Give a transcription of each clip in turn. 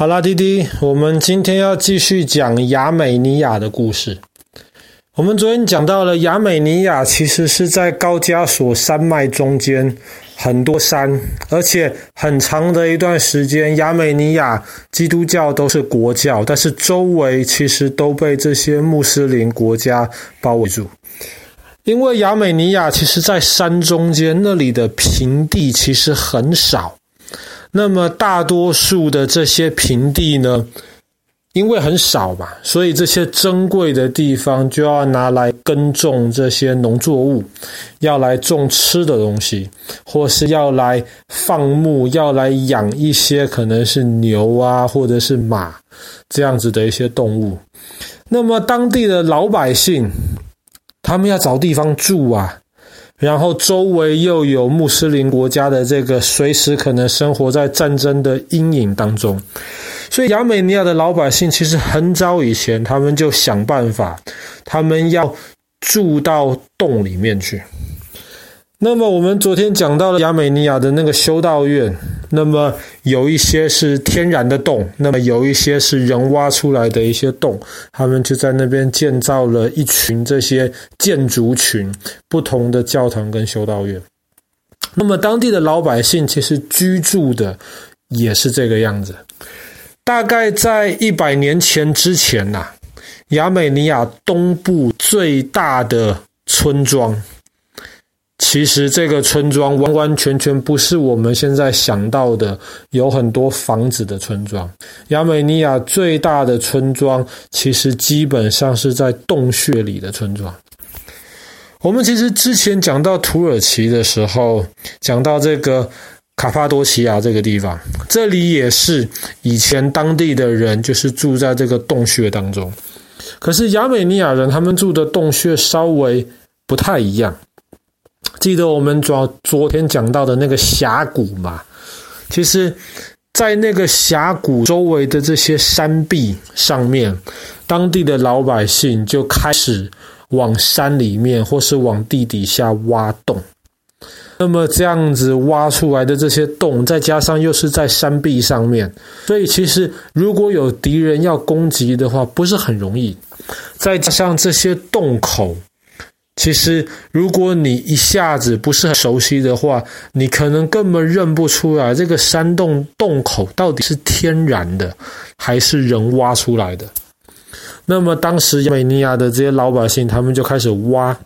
好啦，滴滴，我們今天要繼續講亞美尼亞的故事。我們昨天講到了，亞美尼亞其實是在高加索山脈中間，很多山，而且很長的一段時間，亞美尼亞基督教都是國教，但是周圍其實都被這些穆斯林國家包圍住，因為亞美尼亞其實在山中間，那裡的平地其實很少。那麼大多數的這些平地呢，因為很少嘛，所以這些珍貴的地方就要拿來耕種這些農作物，要來種吃的東西，或是要來放牧，要來養一些可能是牛啊，或者是馬這樣子的一些動物。那麼當地的老百姓，他們要找地方住啊。然後周圍又有穆斯林國家的這個，隨時可能生活在戰爭的陰影當中，所以亞美尼亞的老百姓其實很早以前，他們就想辦法，他們要住到洞裡面去。那麼我們昨天講到了亞美尼亞的那個修道院，那麼有一些是天然的洞，那麼有一些是人挖出來的一些洞，他們就在那邊建造了一群這些建築群，不同的教堂跟修道院。那麼當地的老百姓其實居住的也是這個樣子。大概在一百年前之前吶，亞美尼亞東部最大的村莊。其實這個村莊完完全全不是我們現在想到的有很多房子的村莊。亞美尼亞最大的村莊其實基本上是在洞穴裡的村莊。我們其實之前講到土耳其的時候，講到這個卡帕多奇亞這個地方，這裡也是以前當地的人就是住在這個洞穴當中。可是亞美尼亞人他們住的洞穴稍微不太一樣。記得我們昨昨天講到的那個峽谷嘛，其實，在那個峽谷周圍的這些山壁上面，當地的老百姓就開始往山裡面或是往地底下挖洞。那麼這樣子挖出來的這些洞，再加上又是在山壁上面，所以其實如果有敵人要攻擊的話，不是很容易。再加上這些洞口，其實，如果你一下子不是很熟悉的話，你可能根本認不出來這個山洞洞口到底是天然的，還是人挖出來的。那麼，當時亞美尼亞的這些老百姓，他們就開始挖，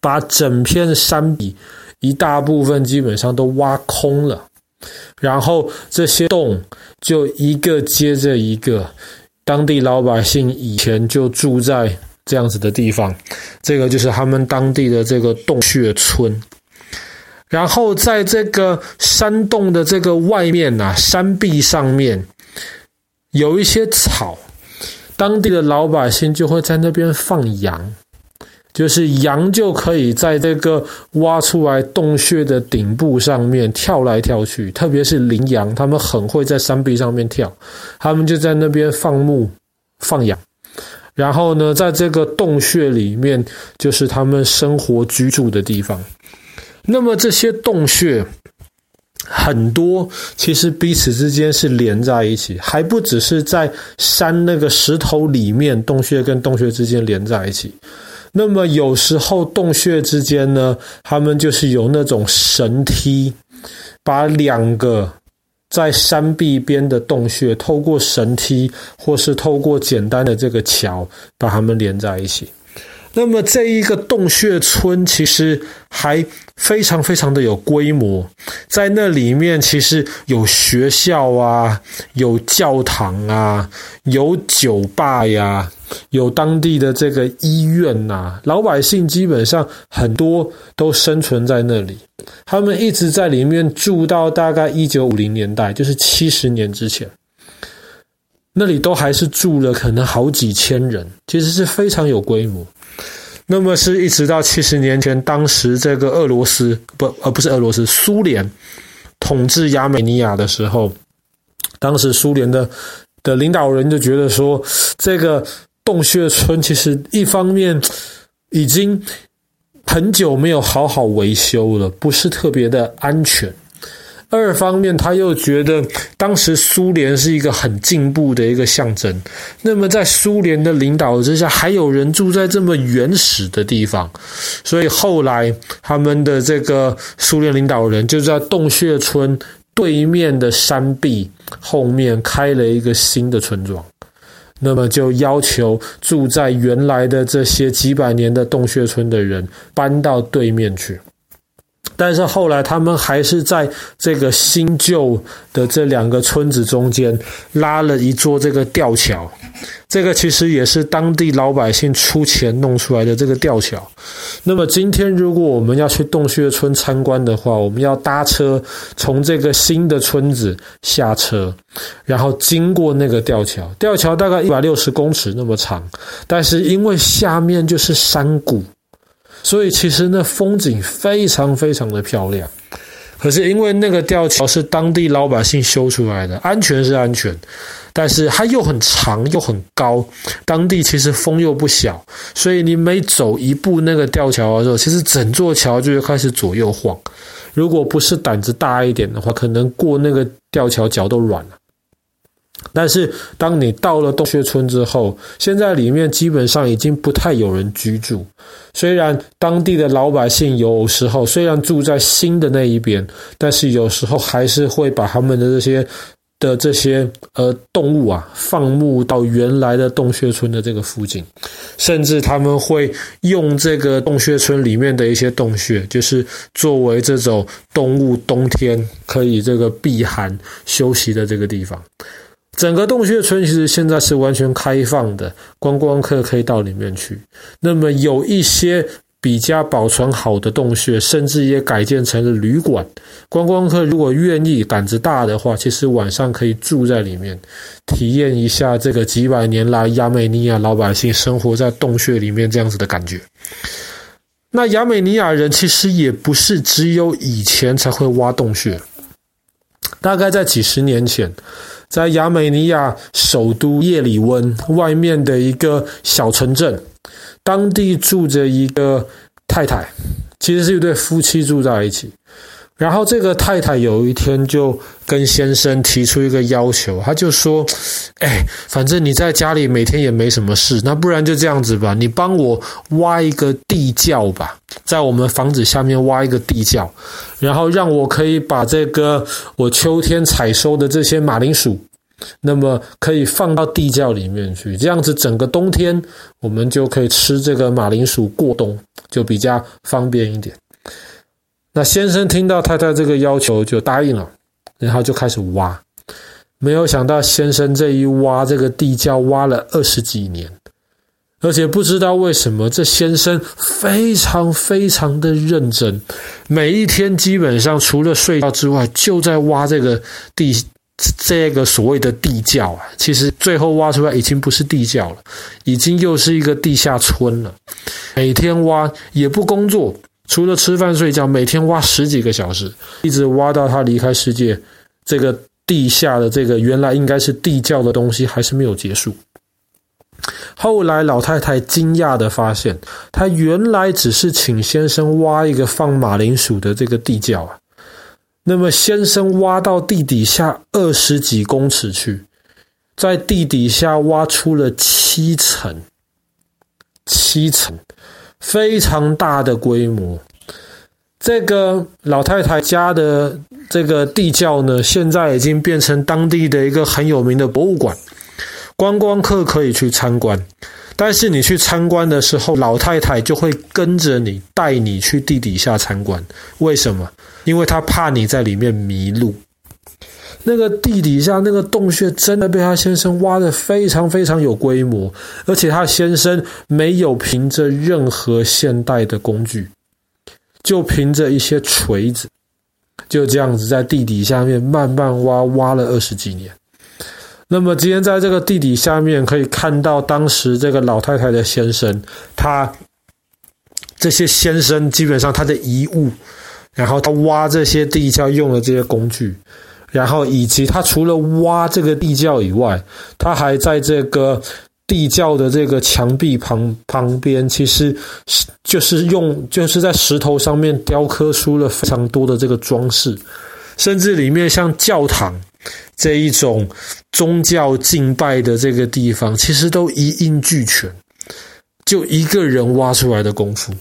把整片山體一大部分基本上都挖空了，然後這些洞就一個接着一個。當地老百姓以前就住在。這樣子的地方，這個就是他們當地的這個洞穴村。然後在這個山洞的這個外面呢、啊，山壁上面有一些草，當地的老百姓就會在那邊放羊，就是羊就可以在這個挖出來洞穴的頂部上面跳來跳去，特別是羚羊，他們很會在山壁上面跳，他們就在那邊放牧放羊。然後呢，在這個洞穴裡面，就是他們生活居住的地方。那麼這些洞穴很多，其實彼此之間是連在一起，還不只是在山那個石頭裡面，洞穴跟洞穴之間連在一起。那麼有時候洞穴之間呢，他們就是有那種繩梯，把兩個。在山壁邊的洞穴，透過繩梯或是透過簡單的這個橋，把它們連在一起。那麼這一個洞穴村其實還非常非常的有規模，在那裡面其實有學校啊，有教堂啊，有酒吧呀、啊，有當地的這個醫院吶、啊，老百姓基本上很多都生存在那裡。他們一直在裡面住到大概一九五零年代，就是七十年之前，那裡都還是住了可能好幾千人，其實是非常有規模。那麼是一直到七十年前，當時這個俄羅斯不呃、啊、不是俄羅斯，蘇聯統治亞美尼亞的時候，當時蘇聯的的領導人就覺得說，這個洞穴村其實一方面已經。很久沒有好好維修了，不是特別的安全。二方面，他又覺得當時蘇聯是一個很進步的一個象徵。那麼，在蘇聯的領導之下，還有人住在這麼原始的地方，所以後來他們的這個蘇聯領導人就在洞穴村對面的山壁後面開了一個新的村莊。那麼就要求住在原來的這些幾百年的洞穴村的人搬到對面去。但是後來，他們還是在這個新舊的這兩個村子中間拉了一座這個吊橋，這個其實也是當地老百姓出錢弄出來的這個吊橋。那麼今天，如果我們要去洞穴村參觀的話，我們要搭車從這個新的村子下車，然後經過那個吊橋。吊橋大概一百六十公尺那麼長，但是因為下面就是山谷。所以其實那風景非常非常的漂亮，可是因為那個吊橋是當地老百姓修出來的，安全是安全，但是它又很長又很高，當地其實風又不小，所以你每走一步那個吊橋的時候，其實整座橋就會開始左右晃。如果不是膽子大一點的話，可能過那個吊橋腳都軟了。但是，當你到了洞穴村之後，現在裡面基本上已經不太有人居住。雖然當地的老百姓有時候雖然住在新的那一邊，但是有時候還是會把他們的這些的這些呃動物啊放牧到原來的洞穴村的這個附近，甚至他們會用這個洞穴村裡面的一些洞穴，就是作為這種動物冬天可以這個避寒休息的這個地方。整個洞穴村其實現在是完全開放的，觀光客可以到裡面去。那麼有一些比較保存好的洞穴，甚至也改建成了旅館。觀光客如果願意，膽子大的話，其實晚上可以住在裡面，體驗一下這個幾百年來亞美尼亞老百姓生活在洞穴裡面這樣子的感覺。那亞美尼亞人其實也不是只有以前才會挖洞穴，大概在幾十年前。在亞美尼亞首都葉里溫外面的一個小城鎮，當地住着一個太太，其實是一對夫妻住在一起。然後這個太太有一天就跟先生提出一個要求，她就說：“哎，反正你在家裡每天也沒什麼事，那不然就這樣子吧，你幫我挖一個地窖吧，在我們房子下面挖一個地窖，然後讓我可以把這個我秋天採收的這些馬鈴薯，那麼可以放到地窖裡面去，這樣子整個冬天我們就可以吃這個馬鈴薯過冬，就比較方便一點。”那先生聽到太太這個要求，就答應了，然後就開始挖。沒有想到先生這一挖，這個地窖挖了二十幾年，而且不知道為什麼，這先生非常非常的認真，每一天基本上除了睡覺之外，就在挖這個地，這個所謂的地窖啊。其實最後挖出來已經不是地窖了，已經又是一個地下村了。每天挖也不工作。除了吃飯睡覺，每天挖十幾個小時，一直挖到他離開世界。這個地下的這個原來應該是地窖的東西，還是沒有結束。後來老太太驚訝地發現，她原來只是請先生挖一個放馬鈴薯的這個地窖啊。那麼先生挖到地底下二十幾公尺去，在地底下挖出了七層，七層。非常大的規模，這個老太太家的這個地窖呢，現在已經變成當地的一個很有名的博物館，觀光客可以去參觀。但是你去參觀的時候，老太太就會跟着你，帶你去地底下參觀。為什麼？因為她怕你在裡面迷路。那個地底下那個洞穴真的被他先生挖得非常非常有規模，而且他先生沒有憑着任何現代的工具，就憑着一些錘子，就這樣子在地底下面慢慢挖，挖了二十幾年。那麼今天在這個地底下面可以看到，當時這個老太太的先生，他這些先生基本上他的遺物，然後他挖這些地窖用的這些工具，然後，以及他除了挖這個地窖以外，他還在這個地窖的這個牆壁旁旁邊，其實是就是用，就是在石頭上面雕刻出了非常多的這個裝飾，甚至裡面像教堂這一種宗教敬拜的這個地方，其實都一應俱全，就一個人挖出來的功夫。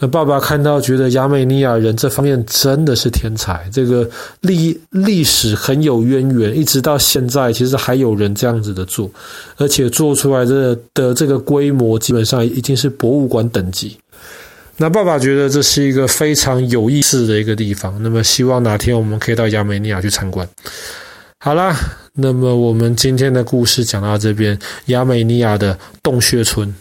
那爸爸看到覺得亞美尼亞人這方面真的是天才，這個歷歷史很有淵源，一直到現在其實還有人這樣子的做，而且做出來的的這個規模基本上已經是博物館等級。那爸爸覺得這是一個非常有意思的一個地方，那麼希望哪天我們可以到亞美尼亞去參觀。好啦，那麼我們今天的故事講到這邊，亞美尼亞的洞穴村。